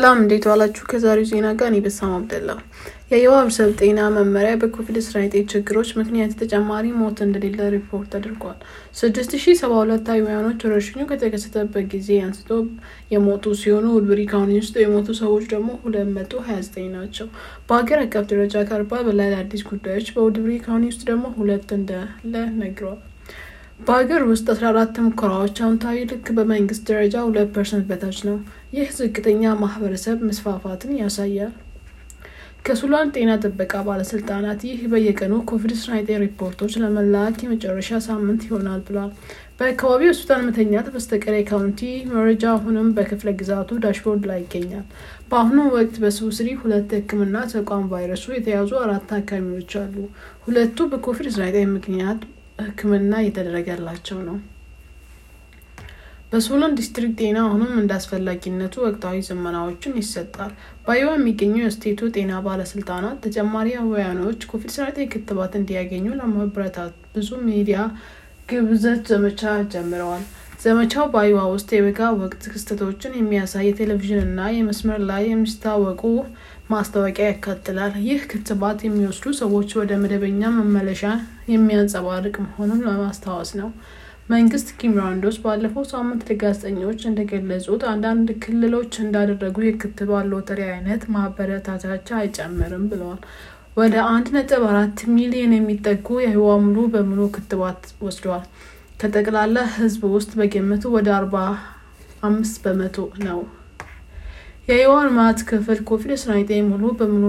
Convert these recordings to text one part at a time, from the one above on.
ሰላም እንዴት ዋላችሁ? ከዛሬው ዜና ጋር እኔ በሳም አብደላ። ሰብ ጤና መመሪያ በኮቪድ-19 ችግሮች ምክንያት ተጨማሪ ሞት እንደሌለ ሪፖርት አድርጓል። 6072 ታይዋኖች ወረርሽኙ ከተከሰተበት ጊዜ አንስቶ የሞቱ ሲሆኑ ውድብሪ ካውንቲ ውስጥ የሞቱ ሰዎች ደግሞ ዘጠኝ ናቸው። በሀገር አቀፍ ደረጃ ከአርባ በላይ አዲስ ጉዳዮች በውድብሪ ካውንቲ ውስጥ ደግሞ ሁለት እንደለ ነግረዋል። በሀገር ውስጥ 14 ሙከራዎች አውንታዊ ልክ በመንግስት ደረጃ ሁለት ፐርሰንት በታች ነው። ይህ ዝቅተኛ ማህበረሰብ መስፋፋትን ያሳያል። ከሱዳን ጤና ጥበቃ ባለስልጣናት ይህ በየቀኑ ኮቪድ-19 ሪፖርቶች ለመላክ የመጨረሻ ሳምንት ይሆናል ብሏል። በአካባቢው ሆስፒታል መተኛት በስተቀር የካውንቲ መረጃ አሁንም በክፍለ ግዛቱ ዳሽቦርድ ላይ ይገኛል። በአሁኑ ወቅት በስውስሪ ሁለት የሕክምና ተቋም ቫይረሱ የተያዙ አራት ታካሚዎች አሉ። ሁለቱ በኮቪድ-19 ምክንያት ህክምና እየተደረገላቸው ነው። በሶሎን ዲስትሪክት ጤና አሁንም አስፈላጊነቱ ወቅታዊ ዘመናዎችን ይሰጣል። በአይዋ የሚገኙ የስቴቱ ጤና ባለስልጣናት ተጨማሪ አወያኖች ኮቪድ-19 ክትባት እንዲያገኙ ለማበረታት ብዙ ሚዲያ ግብዘት ዘመቻ ጀምረዋል። ዘመቻው በአይዋ ውስጥ የበጋ ወቅት ክስተቶችን የሚያሳይ የቴሌቪዥን እና የመስመር ላይ የሚታወቁ ማስታወቂያ ያካትላል። ይህ ክትባት የሚወስዱ ሰዎች ወደ መደበኛ መመለሻ የሚያንጸባርቅ መሆኑን ለማስታወስ ነው። መንግስት ኪም ራንዶስ ባለፈው ሳምንት ለጋዜጠኞች እንደገለጹት አንዳንድ ክልሎች እንዳደረጉ የክትባት ሎተሪ አይነት ማበረታታቻ አይጨምርም ብለዋል። ወደ አንድ ነጥብ አራት ሚሊዮን የሚጠጉ የህዋ ሙሉ በሙሉ ክትባት ወስደዋል። ከጠቅላላ ህዝብ ውስጥ በግምቱ ወደ አርባ አምስት በመቶ ነው። የየወር ማት ክፍል ኮቪድ-19 ሙሉ በሙሉ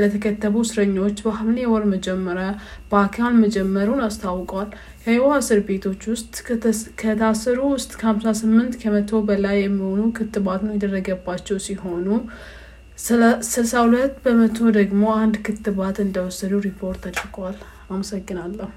ለተከተቡ እስረኞች በሐምሌ ወር መጀመሪያ በአካል መጀመሩን አስታውቋል። የኢዋ እስር ቤቶች ውስጥ ከታሰሩ ውስጥ ከ58 ከመቶ በላይ የሚሆኑ ነው የደረገባቸው ሲሆኑ 62 በመቶ ደግሞ አንድ ክትባት እንደወሰዱ ሪፖርት አድርጓል። አመሰግናለሁ።